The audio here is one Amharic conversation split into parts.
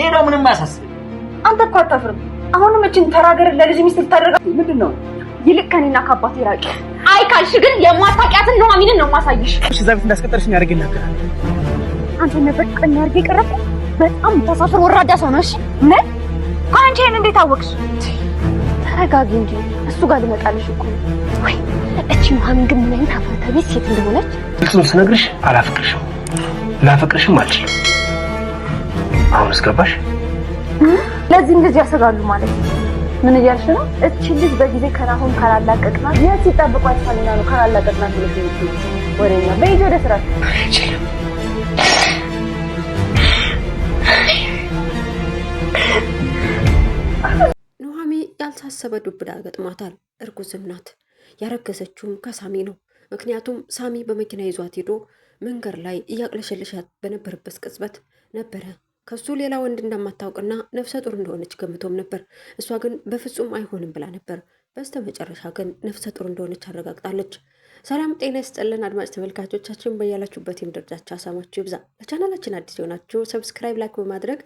ሌላው ምንም አያሳስብ። አንተ እኮ አታፍርም? አሁንም እችን ተራገር ለልጅ ሚስት ልታደርጋ ምንድን ነው? ይልቅ ከኔና ከአባቴ ራቂ። አይ ካልሽ ግን የማታውቂያትን ኑሐሚንን ነው የማሳይሽ። እሺ፣ እዛ ቤት እንዳስቀጠርሽ ያደርግ ይናገራል። አንተ ነበር ቀኝ ያርገ ቀረፈ። በጣም ተሳፍር ወራዳ ሰው ነሽ። ምን ካንቺ ይሄን እንዴት አወቅሽ? ተረጋጊ እንጂ እሱ ጋር ልመጣልሽ እኮ ወይ እቺ ኑሐሚን ግን ምን አይነት አፍረተ ቢስ ሴት እንደሆነች እሱ ስነግርሽ አላፈቅርሽም፣ ላፈቅርሽም አልችልም አሁን እስገባሽ ለዚህ እንደዚህ ያሰጋሉ ማለት ነው። ምን እያልሽ ነው? እቺ ልጅ በጊዜ ከራሁን ካላላቀቅናት የት ይጠብቋት ፋኒና ነው ካላላቀቅናት ልጅ ወሬኛ በይዞ ወደ ስራ ኑሐሚ ያልታሰበ ዱብዳ ገጥሟታል። እርጉዝም ናት። ያረገዘችውም ከሳሚ ነው። ምክንያቱም ሳሚ በመኪና ይዟት ሄዶ መንገድ ላይ እያቅለሸለሻት በነበረበት ቅጽበት ነበረ ከሱ ሌላ ወንድ እንደማታውቅና ነፍሰ ጡር እንደሆነች ገምቶም ነበር። እሷ ግን በፍጹም አይሆንም ብላ ነበር። በስተመጨረሻ ግን ነፍሰ ጡር እንደሆነች አረጋግጣለች። ሰላም ጤና ይስጥልን አድማጭ ተመልካቾቻችን፣ በያላችሁበት የምድር አሳማችሁ ይብዛ። ለቻናላችን አዲስ የሆናችሁ ሰብስክራይብ፣ ላይክ በማድረግ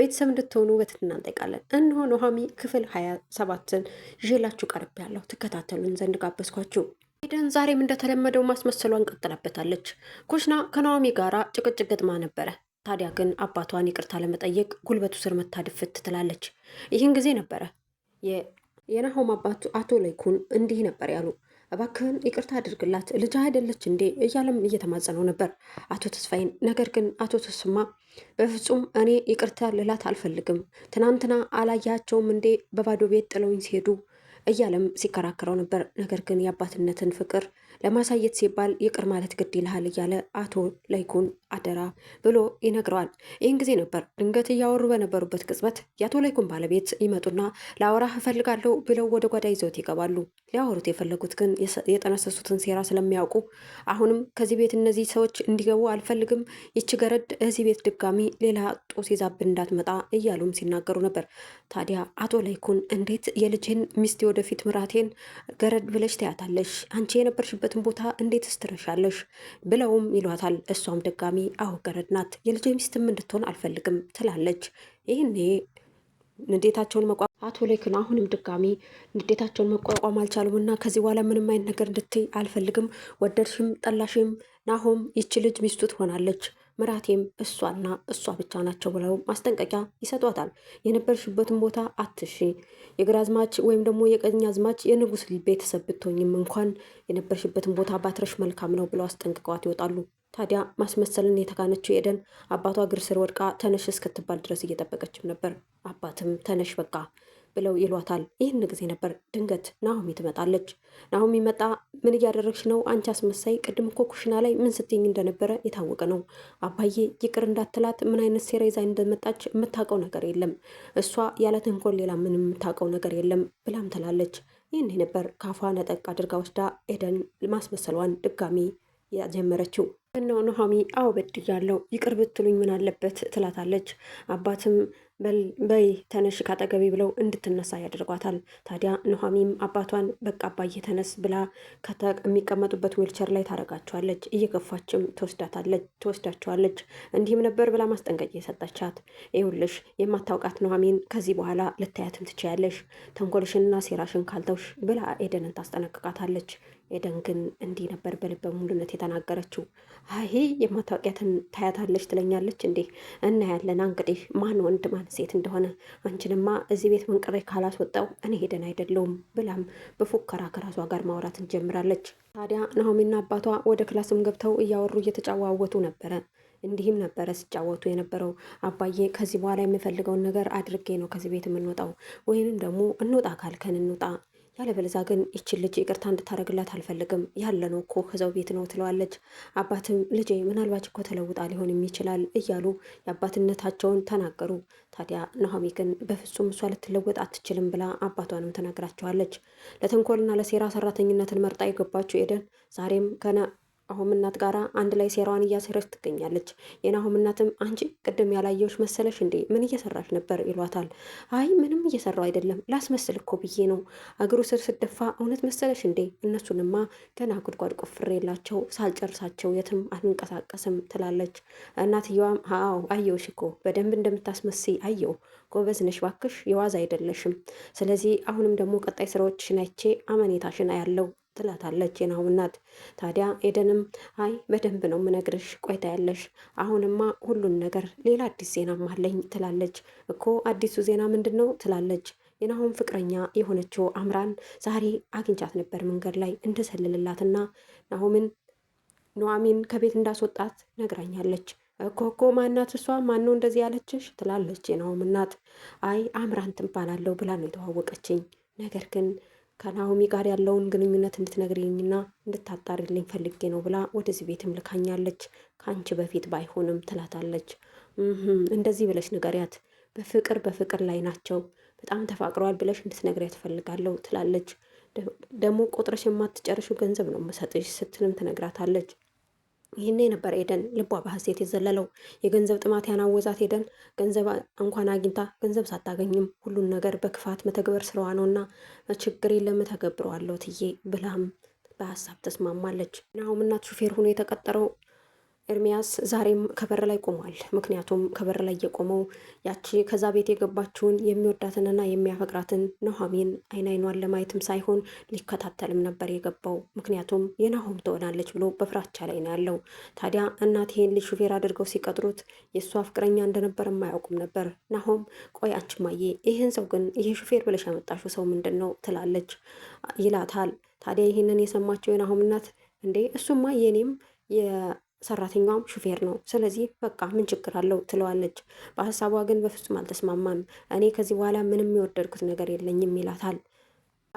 ቤተሰብ እንድትሆኑ በትህትና እንጠይቃለን። እነሆ ኑሃሚ ክፍል ሀያ ሰባትን ይዤላችሁ ያለው ትከታተሉን ዘንድ ጋበዝኳችሁ። ኤደን ዛሬም እንደተለመደው ማስመሰሏን ቀጥላበታለች። ኩሽና ከኑሃሚ ጋራ ጭቅጭቅ ገጥማ ነበረ። ታዲያ ግን አባቷን ይቅርታ ለመጠየቅ ጉልበቱ ስር መታድፍት ትላለች። ይህን ጊዜ ነበረ የናሆም አባቱ አቶ ለይኩን እንዲህ ነበር ያሉ እባክህን ይቅርታ አድርግላት ልጅ አይደለች እንዴ እያለም እየተማጸነው ነበር አቶ ተስፋዬን። ነገር ግን አቶ ተስማ በፍጹም እኔ ይቅርታ ልላት አልፈልግም፣ ትናንትና አላያቸውም እንዴ በባዶ ቤት ጥለውኝ ሲሄዱ እያለም ሲከራከረው ነበር። ነገር ግን የአባትነትን ፍቅር ለማሳየት ሲባል ይቅር ማለት ግድ ይልሃል እያለ አቶ ላይኩን አደራ ብሎ ይነግረዋል። ይህን ጊዜ ነበር ድንገት እያወሩ በነበሩበት ቅጽበት የአቶ ላይኩን ባለቤት ይመጡና ለአውራ እፈልጋለሁ ብለው ወደ ጓዳ ይዘውት ይገባሉ። ሊያወሩት የፈለጉት ግን የጠነሰሱትን ሴራ ስለሚያውቁ አሁንም ከዚህ ቤት እነዚህ ሰዎች እንዲገቡ አልፈልግም፣ ይች ገረድ እዚህ ቤት ድጋሚ ሌላ ጦስ ይዛብን እንዳትመጣ እያሉም ሲናገሩ ነበር። ታዲያ አቶ ላይኩን እንዴት የልጅህን ሚስቴ ወደፊት ምራቴን ገረድ ብለሽ ትያታለሽ? አንቺ የነበርሽበት ያለሽበትን ቦታ እንዴት ስትረሻለሽ ብለውም ይሏታል። እሷም ድጋሚ አሁ ናት፣ የልጅ ሚስትም እንድትሆን አልፈልግም ትላለች። ይህኔ ንዴታቸውን መቋ አቶ ሌክን አሁንም ድጋሚ ንዴታቸውን መቋቋም አልቻሉም እና ከዚህ በኋላ ምንም አይነት ነገር እንድትይ አልፈልግም፣ ወደድሽም ጠላሽም ናሆም ይቺ ልጅ ሚስቱ ትሆናለች ምራቴም እሷና እሷ ብቻ ናቸው ብለው ማስጠንቀቂያ ይሰጧታል። የነበርሽበትን ቦታ አትሺ፣ አዝማች ወይም ደግሞ አዝማች የንጉስ ቤተሰብ ብትሆኝም እንኳን የነበርሽበትን ቦታ ባትረሽ መልካም ነው ብለው አስጠንቅቀዋት ይወጣሉ። ታዲያ ማስመሰልን የተካነችው ኤደን አባቷ እግር ስር ወድቃ ተነሽ እስክትባል ድረስ እየጠበቀችም ነበር። አባትም ተነሽ በቃ ብለው ይሏታል። ይህን ጊዜ ነበር ድንገት ናሆሚ ትመጣለች። ናሆሚ መጣ። ምን እያደረግሽ ነው አንቺ አስመሳይ? ቅድም እኮ ኩሽና ላይ ምን ስትኝ እንደነበረ የታወቀ ነው። አባዬ ይቅር እንዳትላት ምን አይነት ሴራ ይዛኝ እንደመጣች የምታውቀው ነገር የለም። እሷ ያለ ተንኮል ሌላ ምንም የምታውቀው ነገር የለም ብላም ትላለች። ይህን ነበር ካፏ ነጠቅ አድርጋ ወስዳ ኤደን ማስመሰሏን ድጋሚ ያጀመረችው እነው ኑሐሚ አዎ በድያለሁ፣ ይቅር ብትሉኝ ምን አለበት ትላታለች። አባትም በይ ተነሽ ካጠገቢ ብለው እንድትነሳ ያደርጓታል። ታዲያ ኑሐሚንም አባቷን በቃ አባዬ ተነስ ብላ የሚቀመጡበት ዊልቸር ላይ ታረጋቸዋለች። እየገፋችም ትወስዳታለች ትወስዳቸዋለች። እንዲህም ነበር ብላ ማስጠንቀቂያ የሰጠቻት። ይኸውልሽ የማታውቃት ኑሐሚን ከዚህ በኋላ ልታያትም ትችያለሽ፣ ተንኮልሽንና ሴራሽን ካልተውሽ ብላ ኤደንን ታስጠነቅቃታለች። ኤደን ግን እንዲህ ነበር በልበ ሙሉነት የተናገረችው። አይ የማታወቂያትን ታያታለች ትለኛለች እንዴ? እናያለን እንግዲህ ማን ወንድ ማን ሴት እንደሆነ። አንቺንማ እዚህ ቤት መንቅሬ ካላስወጣው እኔ ሄደን አይደለውም ብላም በፉከራ ከራሷ ጋር ማውራት እንጀምራለች። ታዲያ ናሆሚና አባቷ ወደ ክላስም ገብተው እያወሩ እየተጫዋወቱ ነበረ። እንዲህም ነበረ ሲጫወቱ የነበረው። አባዬ ከዚህ በኋላ የምፈልገውን ነገር አድርጌ ነው ከዚህ ቤት የምንወጣው፣ ወይንም ደግሞ እንውጣ ካልከን እንውጣ፣ ያለበለዛ ግን ይችን ልጅ ይቅርታ እንድታደርግላት አልፈልግም ያለነው እኮ ከዛው ቤት ነው ትለዋለች። አባትም ልጄ ምናልባት እኮ ተለውጣ ሊሆንም ይችላል እያሉ የአባትነታቸውን ተናገሩ። ታዲያ ናሆሚ ግን በፍጹም እሷ ልትለወጥ አትችልም ብላ አባቷንም ተናግራቸዋለች። ለተንኮልና ለሴራ ሰራተኝነትን መርጣ የገባችው ኤደን ዛሬም ገና ናሆም እናት ጋር አንድ ላይ ሴራዋን እያሴረች ትገኛለች። የናሆም እናትም አንቺ ቅድም ያላየሁሽ መሰለሽ እንዴ? ምን እየሰራሽ ነበር? ይሏታል። አይ ምንም እየሰራው አይደለም ላስመስል እኮ ብዬ ነው። እግሩ ስር ስደፋ እውነት መሰለሽ እንዴ? እነሱንማ ገና ጉድጓድ ቆፍሬላቸው ሳልጨርሳቸው የትም አልንቀሳቀስም ትላለች። እናትየዋም አዎ አየውሽ እኮ በደንብ እንደምታስመስ አየው። ጎበዝ ነሽ ባክሽ፣ የዋዝ አይደለሽም። ስለዚህ አሁንም ደግሞ ቀጣይ ስራዎችሽን አይቼ አመኔታሽን አያለው ትላታለች የናሁም እናት። ታዲያ ኤደንም አይ በደንብ ነው ምነግርሽ፣ ቆይታ ያለሽ አሁንማ ሁሉን ነገር ሌላ አዲስ ዜናም አለኝ ትላለች። እኮ አዲሱ ዜና ምንድን ነው ትላለች። የናሁም ፍቅረኛ የሆነችው አምራን ዛሬ አግኝቻት ነበር መንገድ ላይ እንደሰልልላትና ናሁምን ኑሐሚን ከቤት እንዳስወጣት ነግራኛለች። እኮ እኮ ማናት እሷ? ማነው እንደዚህ ያለችሽ? ትላለች የናሁም እናት። አይ አምራን ትባላለሁ ብላ ነው የተዋወቀችኝ ነገር ግን ከናሆሚ ጋር ያለውን ግንኙነት እንድትነግሪኝና እንድታጣሪልኝ ፈልጌ ነው ብላ ወደዚህ ቤትም ልካኛለች። ከአንቺ በፊት ባይሆንም ትላታለች። እንደዚህ ብለሽ ንገሪያት፣ በፍቅር በፍቅር ላይ ናቸው፣ በጣም ተፋቅረዋል ብለሽ እንድትነግሪያት ፈልጋለሁ ትላለች። ደግሞ ቆጥረሽ የማትጨርሹ ገንዘብ ነው መሰጥሽ ስትልም ትነግራታለች። ይህኔ ነበር ኤደን ልቧ በሐሴት የዘለለው። የገንዘብ ጥማት ያናወዛት ኤደን ገንዘብ እንኳን አግኝታ ገንዘብ ሳታገኝም ሁሉን ነገር በክፋት መተግበር ስራዋ ነውና ችግር የለም ተገብረዋለሁ ትዬ ብላም በሀሳብ ተስማማለች። ናሁም እናት ሹፌር ሆኖ የተቀጠረው ኤርሚያስ ዛሬም ከበር ላይ ቆሟል። ምክንያቱም ከበር ላይ የቆመው ያቺ ከዛ ቤት የገባችውን የሚወዳትንና የሚያፈቅራትን ኑሐሚን አይን አይኗን ለማየትም ሳይሆን ሊከታተልም ነበር የገባው። ምክንያቱም የናሆም ትሆናለች ብሎ በፍራቻ ላይ ነው ያለው። ታዲያ እናት ይሄን ልጅ ሹፌር አድርገው ሲቀጥሩት የእሷ ፍቅረኛ እንደነበር የማያውቁም ነበር። ናሆም ቆይ ይህን ሰው ግን ይሄ ሹፌር ብለሽ ያመጣሽው ሰው ምንድን ነው ትላለች ይላታል። ታዲያ ይህንን የሰማቸው የናሆም እናት እንዴ እሱማ የኔም ሰራተኛዋም ሹፌር ነው። ስለዚህ በቃ ምን ችግር አለው ትለዋለች። በሀሳቧ ግን በፍጹም አልተስማማም። እኔ ከዚህ በኋላ ምንም የወደድኩት ነገር የለኝም ይላታል።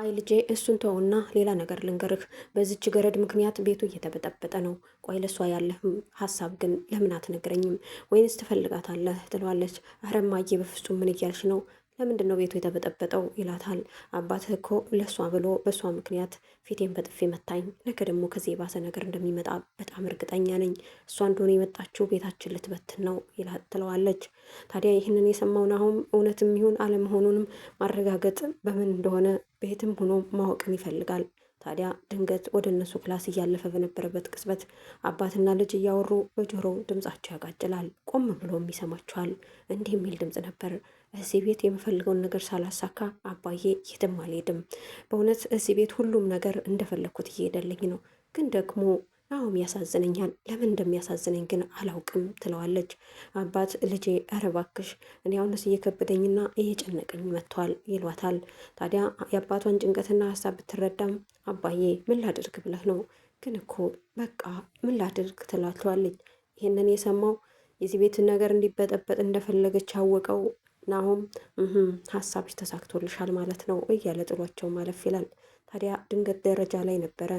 አይ ልጄ እሱን ተውና ሌላ ነገር ልንገርህ። በዚች ገረድ ምክንያት ቤቱ እየተበጠበጠ ነው። ቆይ ለሷ ያለህ ሀሳብ ግን ለምን አትነግረኝም? ወይንስ ትፈልጋታለህ? ትለዋለች። አረማዬ፣ በፍጹም ምን እያልሽ ነው? ለምንድን ነው ቤቱ የተበጠበጠው ይላታል። አባትህ እኮ ለእሷ ብሎ በእሷ ምክንያት ፊቴን በጥፊ መታኝ። ነገ ደግሞ ከዚህ የባሰ ነገር እንደሚመጣ በጣም እርግጠኛ ነኝ። እሷ እንደሆነ የመጣችው ቤታችን ልትበትን ነው ይላት ትለዋለች። ታዲያ ይህንን የሰማውን አሁን እውነትም ይሁን አለመሆኑንም ማረጋገጥ በምን እንደሆነ ቤትም ሆኖ ማወቅም ይፈልጋል። ታዲያ ድንገት ወደ እነሱ ክላስ እያለፈ በነበረበት ቅጽበት አባትና ልጅ እያወሩ በጆሮው ድምጻቸው ያቃጭላል። ቆም ብሎም ይሰማቸዋል። እንዲህ የሚል ድምፅ ነበር። እዚህ ቤት የምፈልገውን ነገር ሳላሳካ አባዬ የትም አልሄድም። በእውነት እዚህ ቤት ሁሉም ነገር እንደፈለግኩት እየሄደልኝ ነው። ግን ደግሞ አሁም ያሳዝነኛል። ለምን እንደሚያሳዝነኝ ግን አላውቅም ትለዋለች። አባት ልጄ ኧረ እባክሽ እኔ አሁንስ እየከበደኝና እየጨነቀኝ መጥቷል ይሏታል። ታዲያ የአባቷን ጭንቀትና ሀሳብ ብትረዳም አባዬ ምን ላድርግ ብለህ ነው? ግን እኮ በቃ ምን ላድርግ ትላትለዋለች። ይህንን የሰማው የዚህ ቤት ነገር እንዲበጠበጥ እንደፈለገች ያወቀው ናሆም ሀሳብሽ ተሳክቶልሻል ማለት ነው እያለ ጥሏቸው ማለፍ ይላል። ታዲያ ድንገት ደረጃ ላይ ነበረ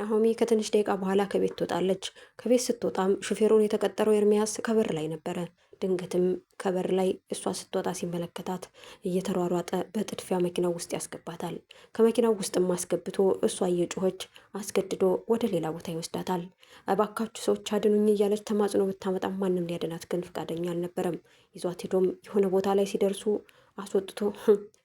ናሆሚ ከትንሽ ደቂቃ በኋላ ከቤት ትወጣለች። ከቤት ስትወጣም ሹፌሩን የተቀጠረው ኤርሚያስ ከበር ላይ ነበረ። ድንገትም ከበር ላይ እሷ ስትወጣ ሲመለከታት እየተሯሯጠ በጥድፊያ መኪናው ውስጥ ያስገባታል። ከመኪናው ውስጥም አስገብቶ እሷ እየጮኸች አስገድዶ ወደ ሌላ ቦታ ይወስዳታል። እባካችሁ ሰዎች አድኑኝ እያለች ተማጽኖ ብታመጣም ማንም ሊያድናት ግን ፈቃደኛ አልነበረም። ይዟት ሄዶም የሆነ ቦታ ላይ ሲደርሱ አስወጥቶ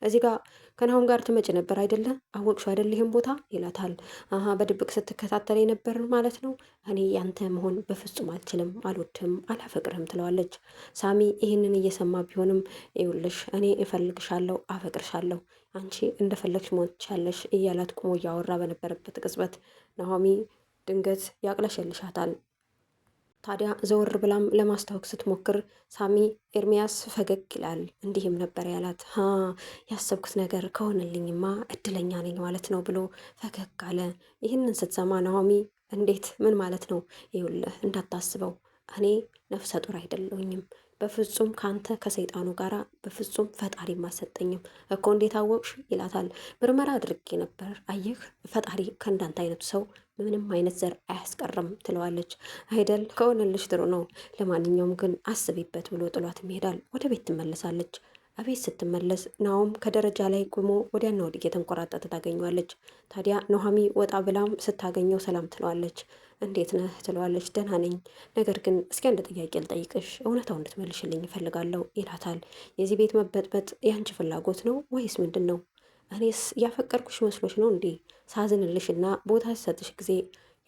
እዚህ ጋር ከናሁን ጋር ትመጭ ነበር አይደለ? አወቅሹ አይደል? ይህም ቦታ ይላታል። አሀ በድብቅ ስትከታተል የነበር ማለት ነው። እኔ ያንተ መሆን በፍጹም አልችልም፣ አልወድም፣ አላፈቅርህም ትለዋለች። ሳሚ ይህንን እየሰማ ቢሆንም ይውልሽ እኔ እፈልግሻለሁ፣ አፈቅርሻለሁ፣ አንቺ እንደፈለግሽ መሆን ትቻለሽ እያላት ቁሞ እያወራ በነበረበት ቅጽበት ናሆሚ ድንገት ያቅለሸልሻታል። ታዲያ ዘወር ብላም ለማስታወቅ ስትሞክር ሳሚ ኤርሚያስ ፈገግ ይላል። እንዲህም ነበር ያላት፣ ያሰብኩት ነገር ከሆነልኝማ እድለኛ ነኝ ማለት ነው ብሎ ፈገግ አለ። ይህንን ስትሰማ ናሆሚ እንዴት ምን ማለት ነው? ይኸውልህ እንዳታስበው እኔ ነፍሰ ጡር አይደለሁኝም በፍጹም ከአንተ ከሰይጣኑ ጋር በፍጹም ፈጣሪ አሰጠኝም እኮ እንዴት አወቅሽ? ይላታል። ምርመራ አድርጌ ነበር። አየህ ፈጣሪ ከእንዳንተ አይነቱ ሰው ምንም አይነት ዘር አያስቀርም ትለዋለች። አይደል ከሆነልሽ ጥሩ ነው፣ ለማንኛውም ግን አስቢበት ብሎ ጥሏት ይሄዳል። ወደ ቤት ትመለሳለች። አቤት ስትመለስ ናውም ከደረጃ ላይ ቁሞ ወዲያና ወዲህ የተንቆራጠተ ታገኘዋለች። ታዲያ ኑሐሚ ወጣ ብላም ስታገኘው ሰላም ትለዋለች። እንዴት ነህ ትለዋለች። ደህና ነኝ፣ ነገር ግን እስኪ አንድ ጥያቄ ልጠይቅሽ፣ እውነታ እንድትመልሽልኝ እፈልጋለሁ ይላታል። የዚህ ቤት መበጥበጥ ያንቺ ፍላጎት ነው ወይስ ምንድን ነው? እኔስ ያፈቀርኩሽ መስሎች ነው እንዴ? ሳዝንልሽና ቦታ ሲሰጥሽ ጊዜ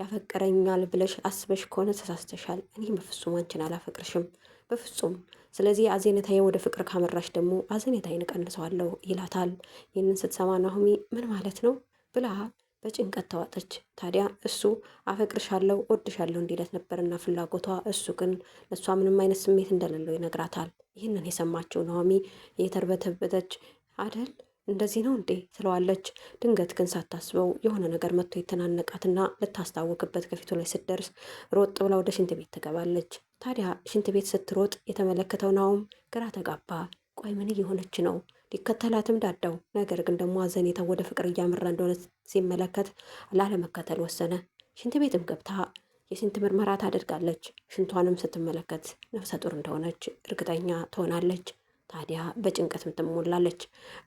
ያፈቀረኛል ብለሽ አስበሽ ከሆነ ተሳስተሻል። እኔ በፍጹም አንቺን አላፈቅርሽም፣ በፍጹም። ስለዚህ አዘኔታዬ ወደ ፍቅር ካመራሽ ደግሞ አዘኔታዬን እቀንሰዋለሁ ይላታል። ይህንን ስትሰማ ናሆሚ ምን ማለት ነው ብላ በጭንቀት ተዋጠች። ታዲያ እሱ አፈቅርሻለሁ፣ ወድሻለሁ እንዲለት ነበርና ፍላጎቷ፣ እሱ ግን ለእሷ ምንም አይነት ስሜት እንደሌለው ይነግራታል። ይህንን የሰማችው ናሆሚ እየተርበተበተች አደል እንደዚህ ነው እንዴ ትለዋለች። ድንገት ግን ሳታስበው የሆነ ነገር መጥቶ የተናነቃትና ልታስታውቅበት ከፊቱ ላይ ስትደርስ ሮጥ ብላ ወደ ሽንት ቤት ትገባለች። ታዲያ ሽንት ቤት ስትሮጥ የተመለከተው ናውም ግራ ተጋባ። ቆይ ምን እየሆነች ነው? ሊከተላትም ዳዳው፣ ነገር ግን ደግሞ አዘኔታ ወደ ፍቅር እያመራ እንደሆነ ሲመለከት ላለመከተል ወሰነ። ሽንት ቤትም ገብታ የሽንት ምርመራ ታደርጋለች። ሽንቷንም ስትመለከት ነፍሰ ጡር እንደሆነች እርግጠኛ ትሆናለች። ታዲያ በጭንቀትም ትሞላለች።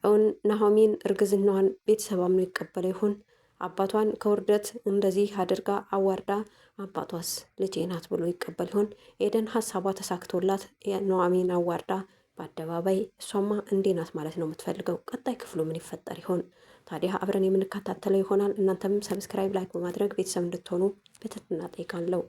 እውን ናሆሚን እርግዝናዋን ቤተሰብ አምኖ ይቀበለ ይሆን? አባቷን ከውርደት እንደዚህ አድርጋ አዋርዳ አባቷስ ልጄ ናት ብሎ ይቀበል ይሆን? ኤደን ሀሳቧ ተሳክቶላት ኑሐሚን አዋርዳ በአደባባይ እሷማ እንዴ ናት ማለት ነው የምትፈልገው። ቀጣይ ክፍሉ ምን ይፈጠር ይሆን? ታዲያ አብረን የምንከታተለው ይሆናል። እናንተም ሰብስክራይብ፣ ላይክ በማድረግ ቤተሰብ እንድትሆኑ በትህትና ጠይቃለሁ።